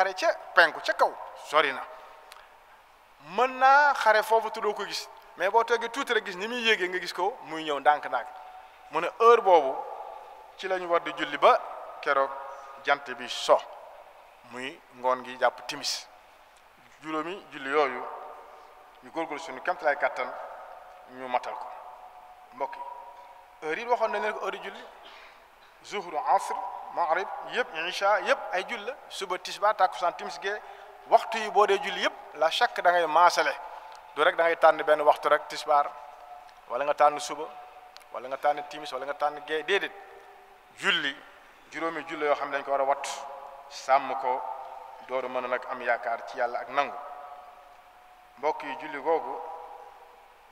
xare ca penku ca kaw sori na mën naa xare foofu tuddoo ko gis mais boo toogee tuuti rek gis ni muy yéegee nga gis ko muy ñëw ndànk-ndànk mu ne heure boobu ci la ñu war di julli ba keroog jant bi so muy ngoon gi jàpp timis juróomi julli yooyu ñu góorgóorlu suñu kemtalaay kàttan ñu matal ko mbokk yi heure yi waxoon nañ leen ko heure julli zuhru asr maghrib yëpp isha yëpp ay julla suba tisba takkusaan timis gee waxtu yi boo dee julli yëpp la chaque da ngay maasale du rek da ngay tànn benn waxtu rek tisbaar wala nga tànn suba wala nga tànn timis wala nga tànn gee déedéet julli juróomi julli yoo xam ne dañ ko war a watt sàmm ko dooru mën a nag am yaakaar ci yàlla ak nangu mbokk yi julli googu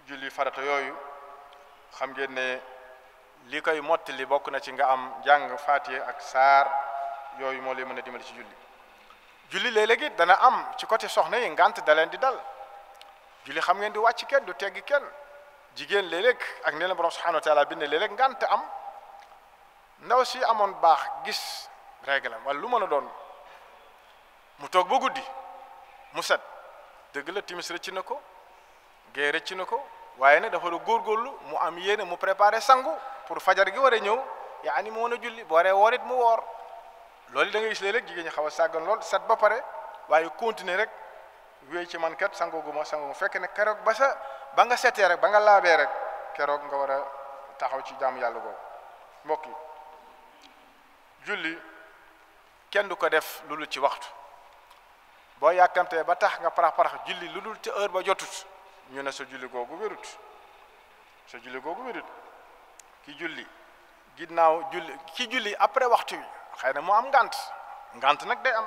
julli farata yooyu xam ngeen li koy mottali bokk na ci nga am jàng faatiye ak saar yooyu moo lay mën a dimbali ci julli julli léeg dana am ci côté soxna yi ngant da leen di dal julli xam ngeen di wàcc kenn du teg kenn jigéen léeg ak ne la borom subhanahu wa taala bind ngant am ndaw si amoon baax gis règle am wala lu mën a doon mu toog ba guddi mu set dëgg la timis rëcc na ko gée rëcc na ko waaye nag dafa doon góorgóorlu mu am yéene mu prépare sangu pour fajar gi war a ñëw yaani mu mën a julli boo waree woor it mu woor loolu da ngay gis léeg-léeg jigéen ñi xaw a sàggan lool set ba pare waaye continuer rek wéy ci man kat sangooguma sangooguma fekk ne keroog ba sa ba nga setee rek ba nga laabee rek keroog nga war a taxaw ci jaamu yàlla googu mbokk yi julli kenn du ko def lu dul ci waxtu boo yàkkamtee ba tax nga parax parax julli lu dul te heure ba jotut ñu ne sa julli googu wérut sa julli googu wérut ki julli ginnaaw julli ki julli après waxtu wi xëy na mu am ngànt ngànt nag day am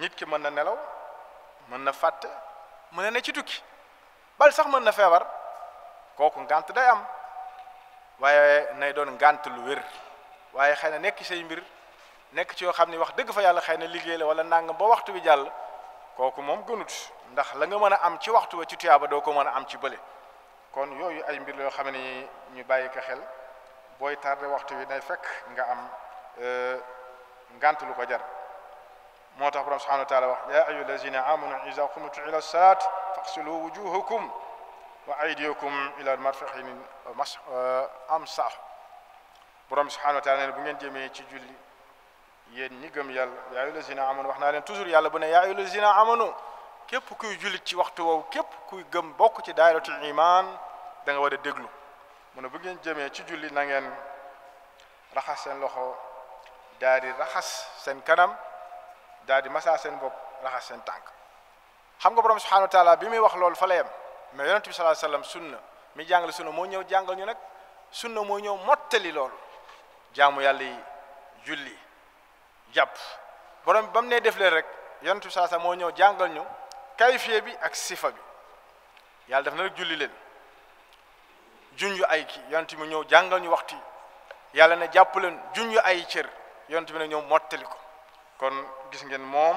nit ki mën na nelaw mën na fàtte mën na ne ci tukki bal sax mën na feebar kooku ngànt day am waaye nay doon ngànt lu wér waaye xëy na nekk say mbir nekk ci yoo xam ne wax dëgg fa yàlla xëy na liggéey la wala nangam ba waxtu bi jàll kooku moom gënut ndax la nga mën a am ci waxtu wa ci tuyaaba doo ko mën a am ci bële kon yooyu ay mbir yoo xam ne ni ñu bàyyi ko booy tardé waxtu wi day fekk nga am euh, ngant lu ko jar moo tax borom subhanahu wa taala wax yaa ayyuha allazina amanu iza qumtu ila salaat faxsilu wujuhakum wa aydiyakum ila almarfiqin mas am sax borom subhanahu wa taala ne bu ngeen jëmee ci julli yéen ñi gëm yàlla yaa ayyuha allazina amanu wax naa leen toujours yàlla bu ne yaa ayyuha allazina amanu képp kuy jullit ci waxtu woowu képp kuy gëm bokk ci daayratul iman da nga war a déglu mu ne bu ngeen jëmee ci julli na ngeen raxas seen loxo daal di raxas seen kanam daal di masaa seen bopp raxas seen tànk xam nga borom subhanahu wa taala bi muy wax loolu fa la yem mais yonent bi sallallahu alayhi wasallam sunna mi jàngale sunna moo ñëw jàngal ñu nag sunna moo ñëw mottali loolu jaamu yàlla yi julli jàpp borom bam ne def leen rek yonent bi sallallahu alayhi wasallam moo ñëw jàngal ñu kayfiye bi ak sifa bi yàlla def na rek julli leen junju ay ki yonent bi ñëw jàngal ñu waxtu yàlla ne jàpp leen junju ay cër yonent bi ne ñëw mottali ko kon gis ngeen moom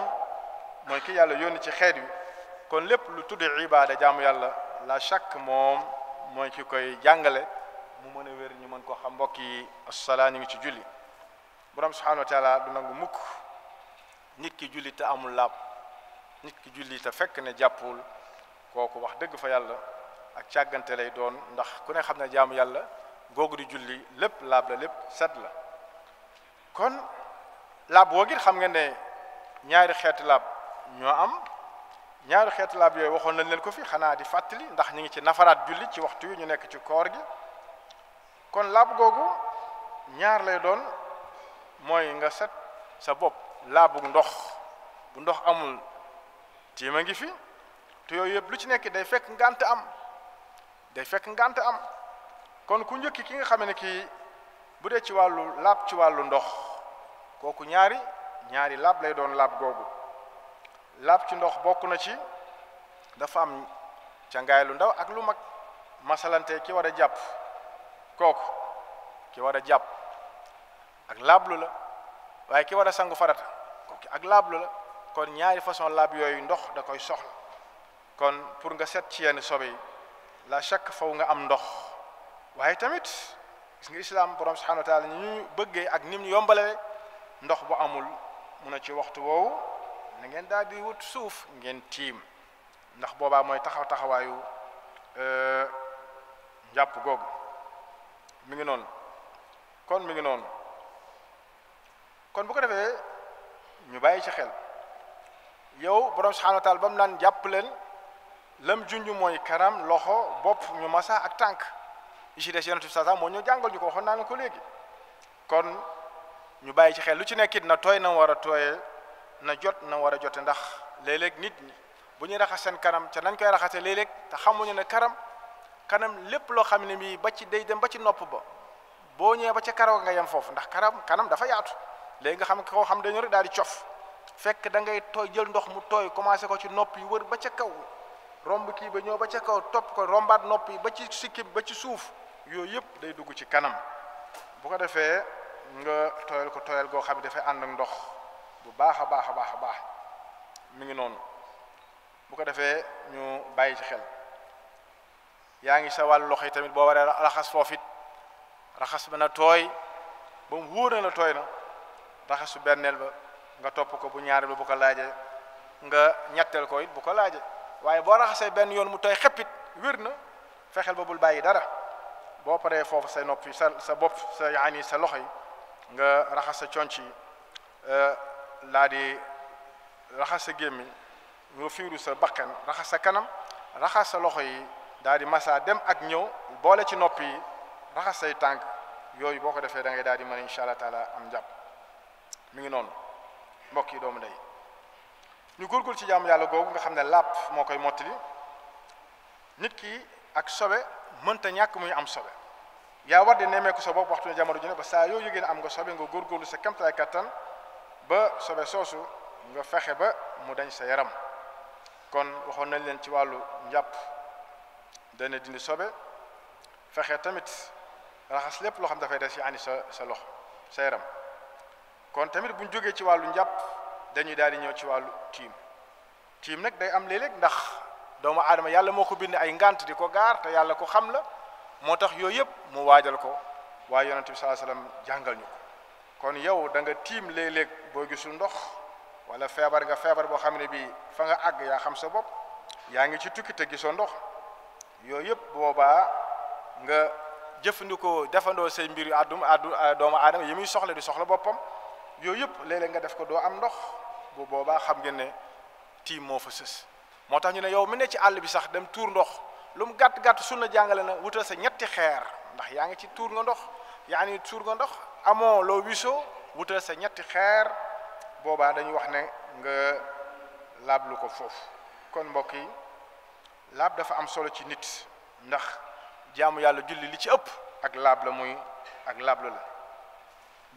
mooy ki yàlla yónni ci xeet wi kon lépp lu tudd ibaada jaamu yàlla la chaque moom mooy ki koy jàngale mu mën a wér ñu mën koo xam mbokk yi asalaa ñu ngi ci julli borom subhanahu wa taala du nangu mukk nit ki julli te amul làpp nit ki julli ta fekk ne jàppul kooku wax dëgg fa yàlla ak càggante lay doon ndax ku ne xam ne jaamu yàlla googu di julli lépp laab la lépp set la kon laab woo git xam nga ne ñaari xeeti laab ñoo am ñaari xeeti laab yooyu waxoon nañ leen ko fi xanaa di fàttali ndax ñu ngi ci nafaraat julli ci waxtu yi ñu nekk ci koor gi kon laab googu ñaar lay doon mooy nga set sa bopp laabug ndox bu ndox amul tiim a ngi fi te yooyu yëpp lu ci nekk day fekk ngànt am day fekk ngànt am kon ku njëkki ki nga xam ne kii bu dee ci wàllu làpp ci wàllu ndox kooku ñaari ñaari laab lay doon laab googu laab ci ndox bokk na ci dafa am cangaay lu ndaw ak lu mag masalante ki war a jàpp kooku ki war a jàpp ak laablu la waaye ki war a sangu farata ak laablu la kon ñaari façon lab yooyu ndox da koy soxla kon pour nga set ci yenn sobe la chaque faw nga am ndox waaye tamit gis nga islam borom subhanahu wa taala ni ñu bëggee ak nim ñu yombale ndox bu amul mu a ci waxtu woowu na ngeen daal di wut suuf ngeen tiim ndax boobaa mooy taxaw taxawaayu njàpp googu mi ngi noonu kon mi ngi noonu kon bu ko defee ñu bàyyi ci xel yow borom subhanahu wa taala ba mu naan jàpp leen lam junj mooy kanam loxo bopp ñu masa ak tànk yi ci des yonent bi saa moo ñu jàngal ñu ko waxoon naa ko léegi kon ñu bàyyi ci xel lu ci nekkit na tooy na war a tooyee na jot na war a jote ndax léeg nit ñi bu ñuy raxas seen kanam ca nañ koy raxase léeg-léeg te xamuñu ne kanam kanam lépp loo xam ne mii ba ci day dem ba ci nopp ba boo ñëwee ba ca karaw nga yem foofu ndax kanam kanam dafa yaatu léegi nga xam koo xam dañu rek daal di cof fekk da ngay tooy jël ndox mu tooy commencé ko ci nopp yi wër ba ca kaw romb kii ba ñëw ba ca kaw topp ko rombaat nopp yi ba ci sikkim ba ci suuf yooyu yëpp day dugg ci kanam bu ko defee nga tooyal ko tooyal goo xam ne dafay ànd ak ndox bu baax a baax a baax a baax mi ngi noonu bu ko defee ñu bàyyi ci xel yaa ngi sa wàll loxo yi tamit boo waree raxas foofu it raxas ba na tooy ba mu wóor na la tooy na raxasu benneel ba nga top ko bu ñaareel bu ko laaje nga ñettal ko it bu ko laaje waye bo raxé ben yoon mu toy xepit wér fexel ba bul bàyyi dara bo paré fofu say nopi sa sa bopp sa yaani sa loxo nga raxasa sa euh yi laa di raxas sa nga fiiru sa bakkan raxasa kanam raxasa sa daadi massa dem ak ñëw boole ci nopi raxasa tànk yoy boko defé da ngay daadi man inshallah taala am jàpp mi ngi nonu mbokk yi doomu day ñu góorgóorlu ci jaamu yàlla googu nga xam ne làpp moo koy mottali nit ki ak sobe mënta ñàkk muy am sobe yaa war di nemmeeku sa bopp waxtu ne jamono ju ne ba saa yoo yëgee ne am nga sobe nga góorgóorlu sa kamtalaay kattan ba sobe soosu nga fexe ba mu dañ sa yaram kon waxoon nañ leen ci wàllu njàpp dana dindi sobe fexe tamit raxas lépp loo xam dafay des yaani sa sa lox sa yaram kon tamit bu ñu jógee ci wàllu njàpp dañuy daal di ñëw ci wàllu tiim tiim nag day am léeg-léeg ndax doomu aadama yàlla moo ko bind ay ngant di ko gaar te yàlla ko xam la moo tax mu ko wa yonente bi sallallahu alayhi wasallam ñu ko kon yow da nga tim léeg bo gisul ndox wala feebar nga feebar bo xam bi bii fa nga àgg yaa xam sa bopp yaa ngi ci tukki te gisoo ndox yooyu yëpp boobaa nga jëfandikoo defandoo say mbir yu àddum doomu aadama yi soxla di soxla boppam yooyu yëpp léeg nga def ko doo am ndox bu boobaa xam ngeen ne tiim moo fa sës moo tax ñu ne yow mi ne ci àll bi sax dem tuur ndox lu mu gàtt gàtt su sunna jàngale na wutal sa ñetti xeer ndax yaa ngi ci tuur nga ndox yaa ngi tuur nga ndox amoo loo wisoo wutal sa ñetti xeer boobaa dañuy wax ne nga laablu ko foofu kon mbokk yi laab dafa am solo ci nit ndax jaamu yàlla julli li ci ëpp ak laab la muy ak laablu la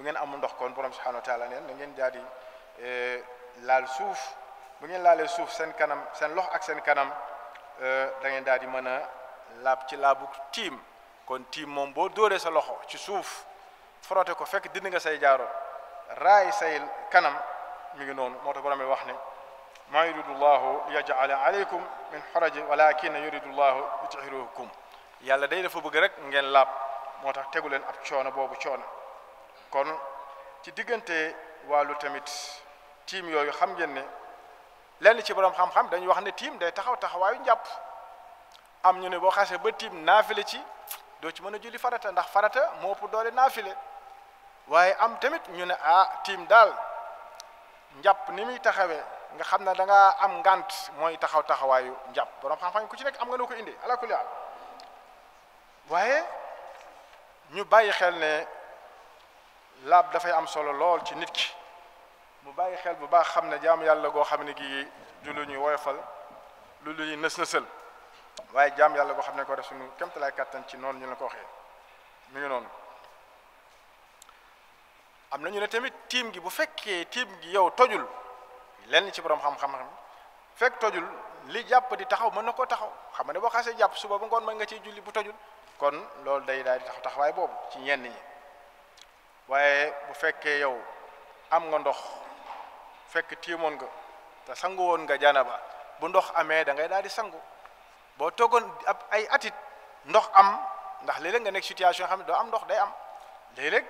bu ngeen amul ndox kon borom subhanahu wa taala neen na ngeen daal eh, laal suuf bu ngeen laalee suuf seen kanam seen lox ak seen kanam eh, da ngeen daal di mën a laab ci laabu tiim kon tiim moom boo dóoree sa loxo ci suuf frotte ko fekk dindi nga say jaaro raay say kanam mu ngi noonu moo ta borom bi wax ne maa yuridu llahu yajala aleykum min xaraji walakin yuridu llahu yutahirukum yàlla day dafa bëgg rek ngeen laab moo tax tegu leen ab coono boobu coono kon ci diggante wàllu tamit tiim yooyu xam ngeen ne lenn ci boroom xam-xam dañuy wax ne tiim day taxaw taxawaayu njàpp am ñu ne boo xasee ba tiim naafile ci doo ci mën a julli farata ndax farata moo ëpp doole naafile waaye am tamit ñu ne ah tiim daal njàpp ni muy taxawee nga xam ne danga am ngant mooy taxaw taxawaayu njàpp borom xam-xam ku ci nekk am nga noo ko indi ala kulli waaye ñu bàyyi xel ne. laab dafay am solo lool ci nit ki mu bàyyi xel bu baax xam ne jaamu yàlla goo xam ne gii du ñuy woyofal lu lu ñuy nës-nësal waaye jaam yàlla goo xam ne ko def suñu kéemtalaay kàttan ci noonu ñu la ko waxee mi ngi noonu am na ñu ne tamit tiim gi bu fekkee tiim gi yow tojul lenn ci borom xam-xam fekk tojul li jàpp di taxaw mën na koo taxaw xam ne boo xasee jàpp suba ba ngoon ma nga ciy julli bu tojul kon loolu day daal di taxaw taxawaay boobu ci ñenn ñi. waaye bu fekkee yow am nga ndox fekk tiimoon nga te sangu woon nga ba bu ndox amee da ngay daal di sangu boo toogoon ab ay atit ndox am ndax léeg nga nekk situation xam ne doo am ndox day am léeg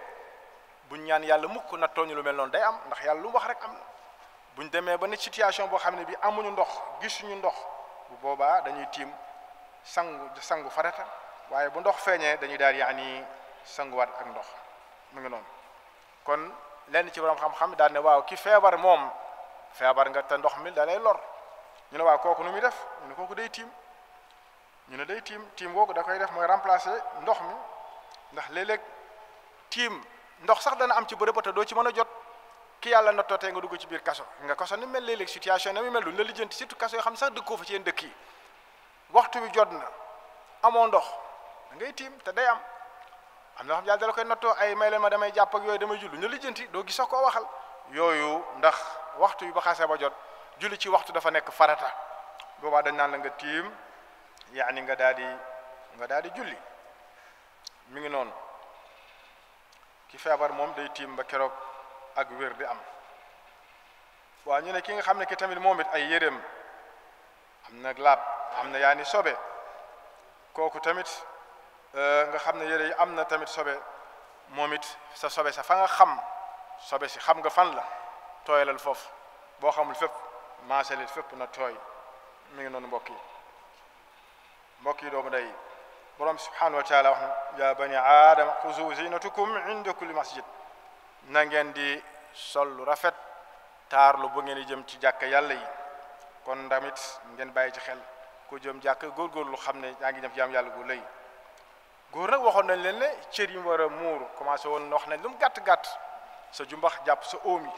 buñ ñaan yàlla mukk na tooñ lu mel noonu day am ndax yàlla lu wax rek am na demee ba ne situation boo xam ne bii amuñu ndox gisuñu ndox bu boobaa dañuy tiim sangu sangu farata waaye bu ndox feeñee dañuy daal yaani sanguwaat ak ndox mu ngi noonu kon lenn ci borom xam-xam daal ne waaw ki feebar moom feebar nga te ndox mi da lay lor ñu ne waaw kooku nu muy def ñu ne kooku day tiim ñu ne day tiim tiim googu da koy def mooy remplacer ndox mi ndax léeg-léeg tiim ndox sax dana am ci bërëb te doo ci mën a jot ki yàlla nattoo tey nga dugg ci biir kaso nga kaso ni mel léeg-léeg situation na mu mel lu la lijjanti surtout kaso yoo xam ne sax dëkkoo fa ci yéen dëkk yi waxtu bi jot na amoo ndox da ngay tiim te day am am na xam yàlla dala koy nattoo ay may ma damay jàpp ak yooyu damay jullu ñu lijjanti doo gis sax koo waxal yooyu ndax waxtu yu ba xasee ba jot julli ci waxtu dafa nekk farata boobaa dañ naan la nga tiim yaani nga daal di nga daal di julli mu ngi noonu ki feebar moom day tiim ba keroog ak wér di am waaw ñu ne ki nga xam ne ki tamit moom it ay yéreem am na laab am na yaa ni sobe kooku tamit nga xamne yére yi amna tamit sobe momit sa sobe sa fa nga xam sobe si xam nga fan la toyelal fofu bo xamul fépp maaselil fep na toy mi ngi non mbok yi mbok yi mo day borom subhanahu wa taala wax ya bani adam khuzu zinatukum inda kulli masjid na ngeen di sol rafet tarlu bu ngeen di jëm ci jàkk yàlla yi kon ndamit ngeen bàyyi ci xel ku jëm jàkk gor lu xamne ya ngi def ci yàlla gu lëy góor nag waxoon nañ leen ne cër yi mu war a muuru commencé woon wax nañ lu mu gàtt gàtt sa jumbax jàpp sa oom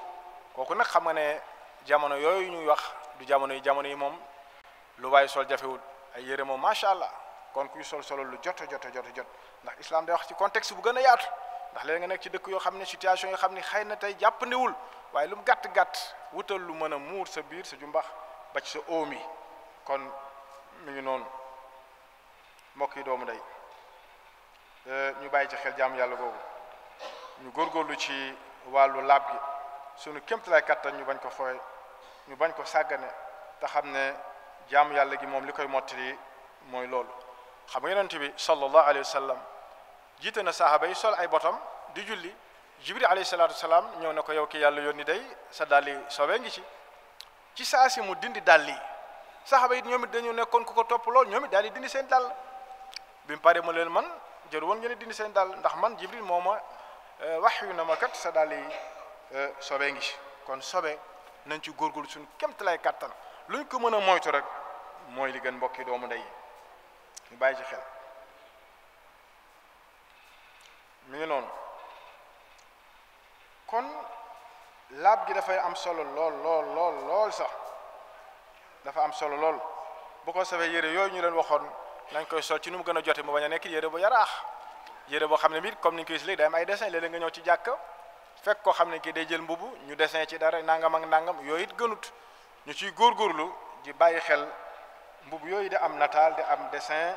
kooku nag xam nga ne jamono yooyu ñuy wax du jamono yi jamono yi moom lu waay sol jafewul ay yére moom macha allah kon kuy sol solo lu jot jot jot jot ndax islam day wax ci contexte bu gën a yaatu ndax léegi nga ci dëkk yoo xam ne situation yoo xam ne xëy na tey jàppandiwul waaye lu mu gàtt gàtt wutal lu mën a muur sa biir sa jumbax ba ci sa oom yi kon mi ngi noonu mbokk doomu day ñu bàyyi ci xel jaamu yàlla boobu ñu góor góorlu ci wàllu laab gi sunu kéemtalaay kàttan ñu bañ ko fooy ñu bañ ko sàggane te xam ne jaamu yàlla gi moom li koy mottali mooy loolu xam nga yonent bi sallallahu alayhi wa sallam jiite na sahaaba yi sol ay botam di julli jibril alayhi salaatu wasalaam ñëw na ko yow ki yàlla yónni day sa dàlli soobee ngi ci ci saa si mu dindi dàll yi saxaaba it ñoom dañu nekkoon ku ko topp lool ñoom it daal di dindi seen dàll bi mu paree mu leen man jër woon ngeen dindi seen dal ndax man jibril moma wahyu na ma kat sa dal yi sobe ngi ci kon sobe nañ ci góorgóorlu suñu lay kàttan luñ ko mën moytu rek moy li gën mbokki doomu day ñu bay ci xel mi ngi non kon lab gi dafay am solo lol lol lol lol sax dafa am solo lol bu ko soobee yére yoy ñu leen waxoon nañ koy sol ci nu mu gën a jote mu a nekk yére bu yaraax yére boo xam ne biit comme ni ñu koy gis léegi ay dessin léeg-léeg nga ñëw ci jàkk fekk koo xam ne kii day jël mbubu ñu dessin ci dara nangam ak nangam yooyu it gënut ñu ciy góorlu di bàyyi xel mbubu yooyu di am nataal di am dessin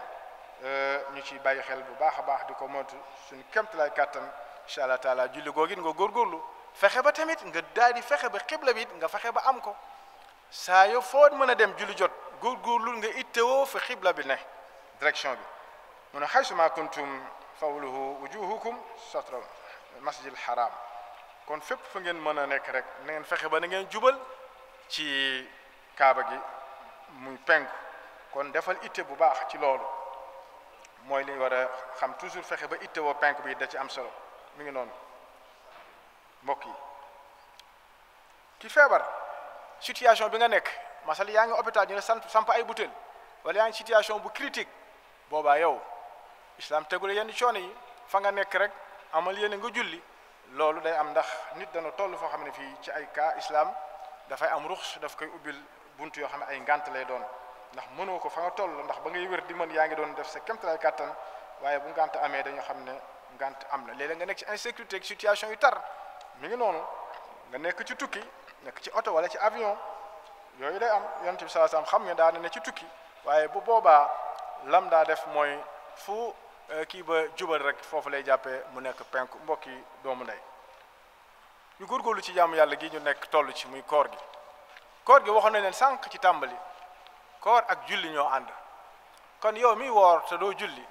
euh, ñu ciy bàyyi xel bu baax a baax di ko moytu suñu kéemtalaay kàttan incha allah taala julli googu it nga góorgóorlu fexe ba tamit nga daal di fexe ba xibla bi nga fexe ba am ko saa yo foo mën a dem julli jot góorgóorlu nga ittewoo bi ne direction bi mu ne haysuma kuntum fawluhu wujuhukum chatre masjid al haram kon fépp fa ngeen mën a nekk rek na ngeen fexe ba na ngeen jubal ci kaaba gi muy penku kon defal itte bu baax ci loolu mooy li ñu war a xam toujours fexe ba itte woo penku bi da ci am solo mi ngi noonu mbokk yi ki feebar situation bi nga nekk masal yaa ngi hôpital ñu ne samp ay butéel wala yaa ngi situation bu critique boobaa yow islam tegul yenn coono yi fa nga nekk rek amal yéene nga julli loolu day am ndax nit dana toll foo xam ne fii ci ay ka islam dafay am ruxs daf koy ubbil bunt yoo xam ne ay ngànt lay doon ndax mënoo ko fa nga toll ndax ba ngay wér di mën yaa ngi doon def sa kéemtalaay kàttan waaye bu ngànt amee dañoo xam ne ngànt am na léeg nga nekk ci insécurité situation yu tar mi ngi noonu nga nekk ci tukki nekk ci oto wala ci avion yooyu day am yonent bi sallallahu alayhi xam ne daana ne ci tukki waaye bu boobaa lam daa def mooy fu eh, kii ba jubal rek foofu lay jàppee mu nekk penku mbokk yi doomu ndey ñu góorgóorlu ci jàmm yàlla gi ñu nekk tollu ci muy koor gi koor gi waxoon nañ leen sànq ci tàmbali koor ak julli ñoo ànd kon yow miy woor te doo julli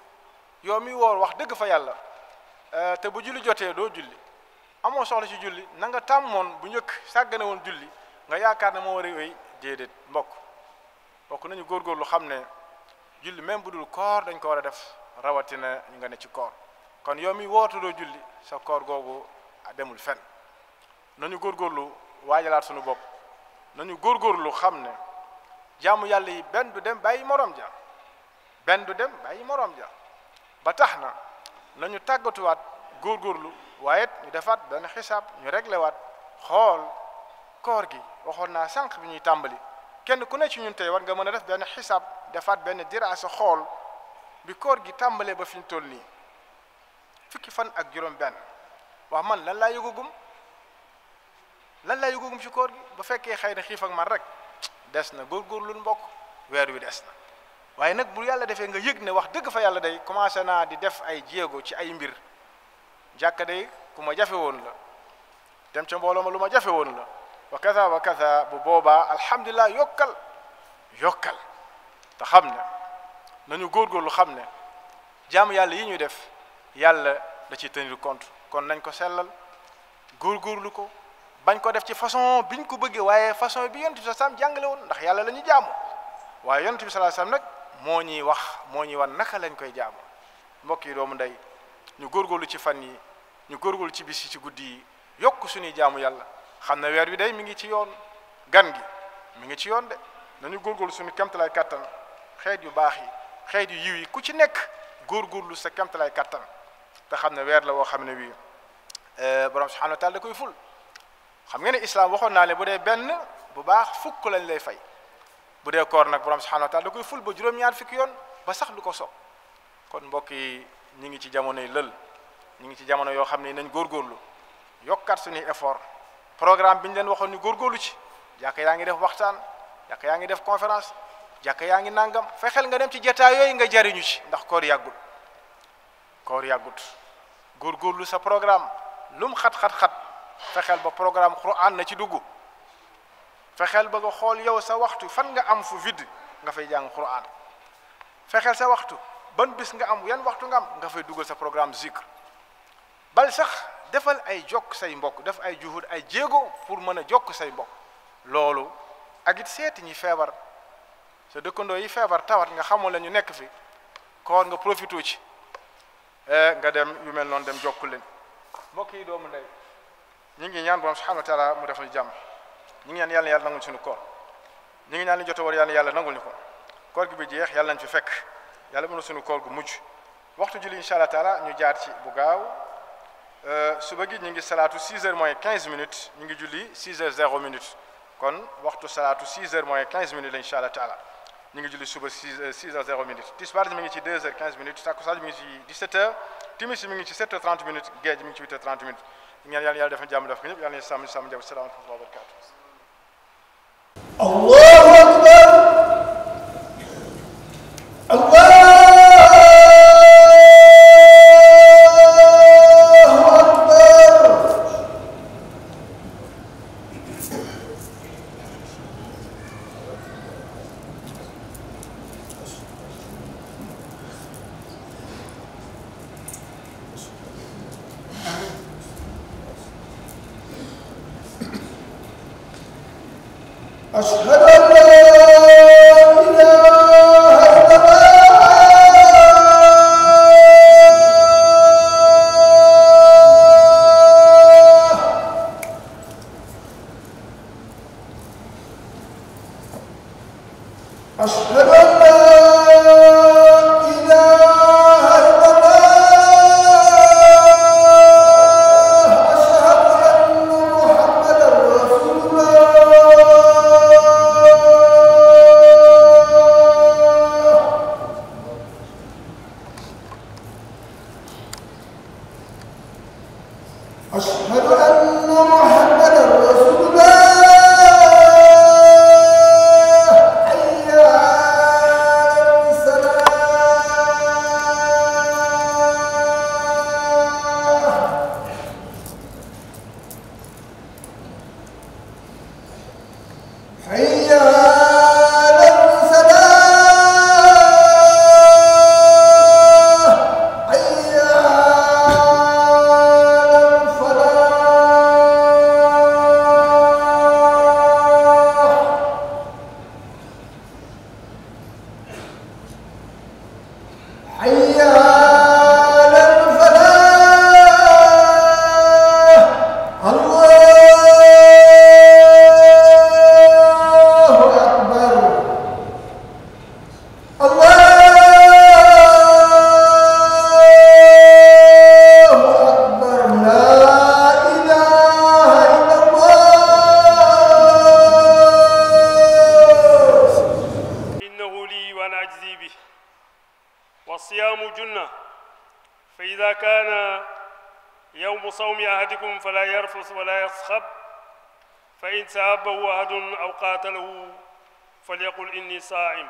yow miy woor wax dëgg fa yàlla eh, te bu julli jotee doo julli amoo soxla ci julli na nga tàmmoon bu njëkk sàggane woon julli nga yaakaar ne moo war a wéy mbokk mbokk nañu góorgóorlu xam ne julli même bu dul koor dañ ko war a def rawatina ñu nga ne ci koor kon yow mi wootudoo julli sa koor googu demul fen nañu góor góorgóorlu waajalaat suñu bopp nañu góor góor lu xam ne jàmm yàlla yi benn du dem bàyyi moroom ja benn du dem bàyyi moroom ja ba tax na nañu tàggatuwaat góor góorlu waaye ñu defaat benn xisaab ñu réglewaat xool koor gi waxoon naa sànq bi ñuy tàmbali kenn ku ne ci ñun tey war nga mën a def benn xisaab defaat benn sa xool bi koor gi tàmbalee ba fi ñu toll nii fukki fan ak juróom benn wax man lan laa yugugum lan laa yugugum ci koor gi ba fekkee xëy na xiif ak man rek des na góorgóorlu mbokk weer wi des na waaye nag bu yàlla defee nga yëg ne wax dëgg fa yàlla day commencé naa di def ay jéego ci ay mbir jàkka day ku ma jafe woon la dem ca mbooloo ma lu ma jafe woon la wa kaza wa kaza bu boobaa alhamdulilah yokkal yokkal te xam ne nañu góor góorgóorlu xam ne jaamu yàlla yi ñuy def yàlla da ciy tenir compte kon nañ ko sellal góor góorlu ko bañ ko def ci façon biñ ko bëggee waaye façon bi yonent bi sa sam jàngale ndax yàlla la ñuy jaamu waaye yonent bi salaa sam nag moo ñuy wax moo ñuy wan naka lañ koy jaamu mbokk yi doomu ndey ñu góor góorlu ci fan yi ñu góorgóorlu ci bis yi ci guddi yi yokk suñuy jaamu yàlla xam ne weer wi day mi ngi ci yoon gan gi mu ngi ci yoon de nañu góorgóorlu suñu kemtalaay kàttan xeet yu baax yi xeet yu yiw yi ku ci nekk góorgóorlu sa kemtalaay kàttan te xam ne weer la woo xam ne wii eh, borom subhanahu wa taala da koy ful xam nga ne islam waxoon naa ne bu dee benn bu baax fukk lañ lay fay bu dee koor nag borom subhanahu wa da koy ful ba juróom-ñaar fukki yoon ba sax lu ko so kon mbokk yi ñu ngi ci jamono yi lël ñu ngi ci jamono yoo xam ne nañ góor góorgóorlu yokkaat suñuy effort programme bi ñu leen waxoon góor góorlu ci jàkk yaa ngi def waxtaan jàkk yaa ngi def conférence jàkka yaa ngi nangam fexeel nga dem ci jataay yooyu nga jariñu ci ndax koor yàggul koor yàggut góorgóorlu sa programme lum xat-xat-xat fexeel ba programme Quran na ci dugg fexeel ba nga xool yow sa waxtu fan nga am fu vide nga fay jàng Quran fexeel sa waxtu ban bis nga am yan waxtu nga am nga fay dugal sa programme zikr bal sax defal ay jokk say mbokk def ay juhud ay jéego pour mën a jokk say mbokk loolu ak it seeti ñi feebar sa dëkkandoo yi feebar tawat nga xamoon la ñu nekk fi koor nga profité ci e nga dem yu mel noonu dem jokku leen mbokk yi doomu ndey ñu ngi ñaan borom subhanahu wa taala mu defal jàmm ñu ngi ñaan yàlla yàlla nangul suñu koor ñu ngi ñaan li jot a war yàlla yàlla nangul ñu ko koor gi bi jeex yàlla nañ fi fekk yàlla mun a suñu koor gu mujj waxtu julli incha allah taala ñu jaar ci bu gaaw e, suba gi ñu ngi salaatu 6 heures moins 15 minutes ñu ngi julli 6 heures 0 minutes kon waxtu salaatu 6 heures moins 15 minutes la incha ñu ngi julli suba 6 6 heures 0 minutes tisbaar ji mi ngi ci 2 heures 15 minutes takkusaan mi ngi ci 17 heures timis mi ngi ci 7 heures 30 minutes géej mi ngi ci 8 heures 30 minutes ñaan yàlla yàlla defal jàmm def ko ñëpp yàlla nañu sàmm sàmm jàmm salaamaaleykum wa rahmatulah صوم أحدكم فلا يرفث ولا يصخب فإن سابه أحد أو قاتله فليقل إني صائم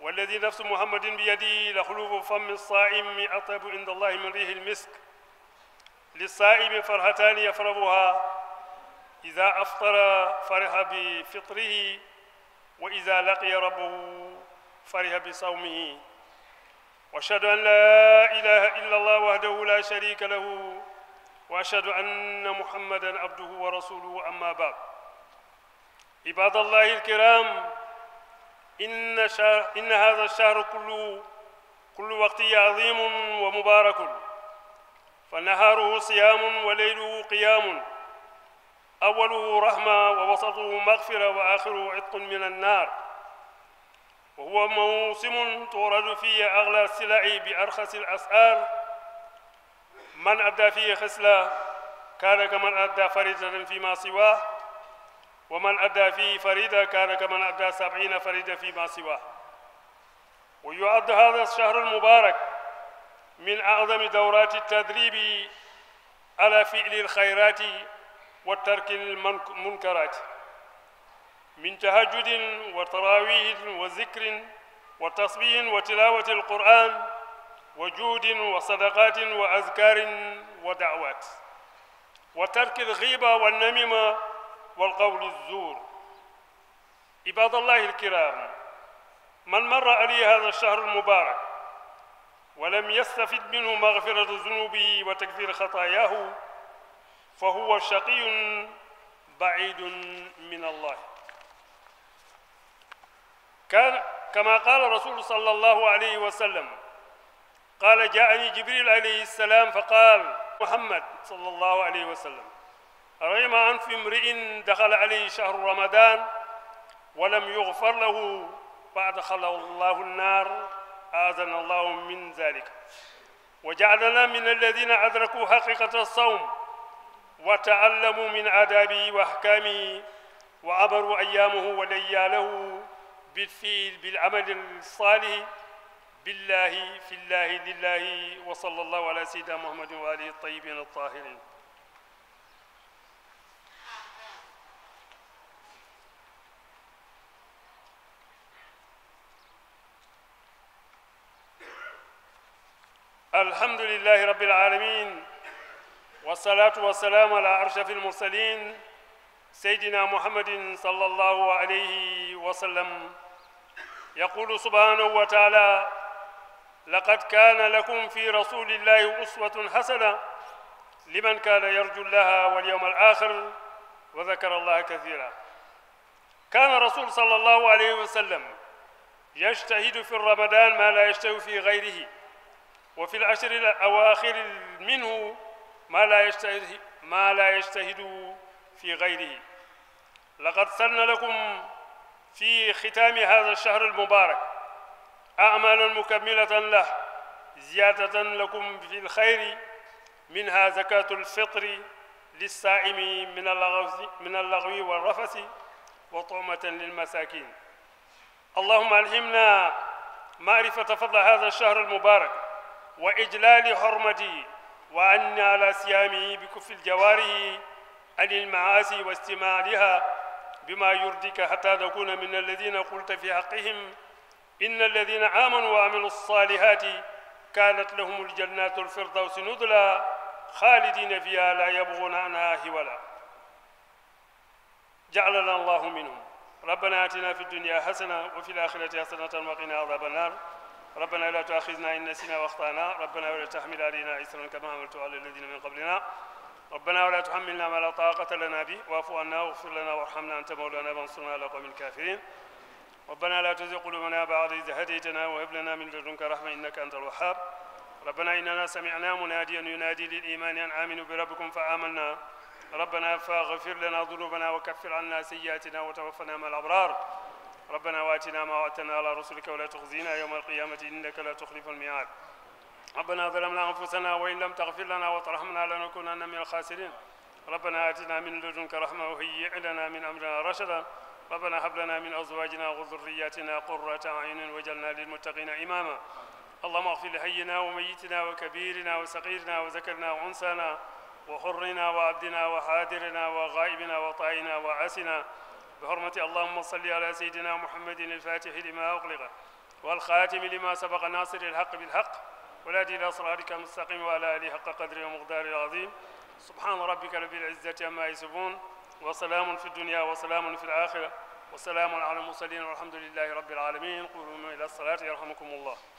والذي نفس محمد بيده لخلوف فم الصائم أطيب عند الله من ريح المسك للصائم فرحتان يفرغها إذا أفطر فرح بفطره وإذا لقي ربه فرح بصومه واشهد ان لا اله الا الله وحده لا شريك له واشهد ان محمدا عبده ورسوله اما بعد عباد الله الكرام ان شهر ان هذا الشهر كله كل وقت عظيم ومبارك فنهاره صيام وليله قيام اوله رحمه ووسطه مغفره واخره عتق من النار وهو موسم تورد فيه أغلى السلع بأرخص الأسعار من أدى فيه خسلة كان كمن أدى فريدة فيما سواه ومن أدى فيه فريدة كان كمن أدى سبعين فريدة فيما سواه ويعد هذا الشهر المبارك من أعظم دورات التدريب على فعل الخيرات وترك المنكرات من تهجد وتراويح وذكر وتصبيح وتلاوة القرآن وجود وصدقات وأذكار ودعوات وترك الغيبة والنميمة والقول الزور عباد الله الكرام من مر علي هذا الشهر المبارك ولم يستفد منه مغفرة ذنوبه وتكفير خطاياه فهو شقي بعيد من الله كان كما قال الرسول صلى الله عليه وسلم قال جاءني جبريل عليه السلام فقال محمد صلى الله عليه وسلم رغم أنف امرئ دخل عليه شهر رمضان ولم يغفر له فأدخله الله النار آذن الله من ذلك وجعلنا من الذين أدركوا حقيقة الصوم وتعلموا من آدابه وأحكامه وعبروا أيامه ولياله بالعمل الصالح بالله في الله لله وصلى الله على سيدنا محمد وآله الطيبين الطاهرين الحمد لله رب العالمين والصلاة والسلام على أرشف المرسلين سيدنا محمد صلى الله عليه وسلم يقول سبحانه وتعالى لقد كان لكم في رسول الله أسوة حسنة لمن كان يرجو الله واليوم الآخر وذكر الله كثيرا كان الرسول صلى الله عليه وسلم يجتهد في الرمضان ما لا يجتهد في غيره وفي العشر الأواخر منه ما لا يجتهد ما لا يجتهد في غيره لقد سن لكم في ختام هذا الشهر المبارك أعمالا مكملة له زيادة لكم في الخير منها زكاة الفطر للصائم من اللغو من اللغو والرفث وطعمة للمساكين اللهم ألهمنا معرفة فضل هذا الشهر المبارك وإجلال حرمته وأن على صيامه بكف الجوارح عن المعاصي واستماعها بما يرضيك حتى تكون من الذين قلت في حقهم إن الذين آمنوا وعملوا الصالحات كانت لهم الجنات الفردوس نذلا خالدين فيها لا يبغون عنها هولا جعلنا الله منهم ربنا آتنا في الدنيا حسنة وفي الآخرة حسنة وقنا عذاب النار ربنا لا تؤاخذنا إن نسينا واخطأنا ربنا ولا تحمل علينا إسرا كما عملت على الذين من قبلنا ربنا ولا تحملنا ما لا طاقة لنا به واعف عنا واغفر لنا وارحمنا أنت مولانا وانصرنا على قوم الكافرين ربنا لا تزغ قلوبنا بعد إذ هديتنا وهب لنا من لدنك رحمة إنك أنت الوهاب ربنا إننا سمعنا مناديا ينادي للإيمان أن آمنوا بربكم فآمنا ربنا فاغفر لنا ذنوبنا وكفر عنا سيئاتنا وتوفنا مع الأبرار ربنا واتنا ما وعدتنا على رسلك ولا تخزينا يوم القيامة إنك لا تخلف الميعاد ربنا ظلمنا أنفسنا وإن لم تغفر لنا وترحمنا لنكونن من الخاسرين ربنا آتنا من لدنك رحمة وهيئ لنا من أمرنا رشدا ربنا هب لنا من أزواجنا وذرياتنا قرة أعين وجلنا للمتقين إماما اللهم اغفر لحينا وميتنا وكبيرنا وصغيرنا وذكرنا وأنثانا وحرنا وعبدنا وحاضرنا وغائبنا وطائنا وعسنا بحرمة اللهم صل على سيدنا محمد الفاتح لما أغلق والخاتم لما سبق ناصر الحق بالحق ولادي إلى هذيك المستقيم وعلى آله حق قدره ومقداره العظيم سبحان ربك رب العزة عما يصفون وسلام في الدنيا وسلام في الآخرة وسلام على المرسلين والحمد لله رب العالمين قولوا إلى الصلاة يرحمكم الله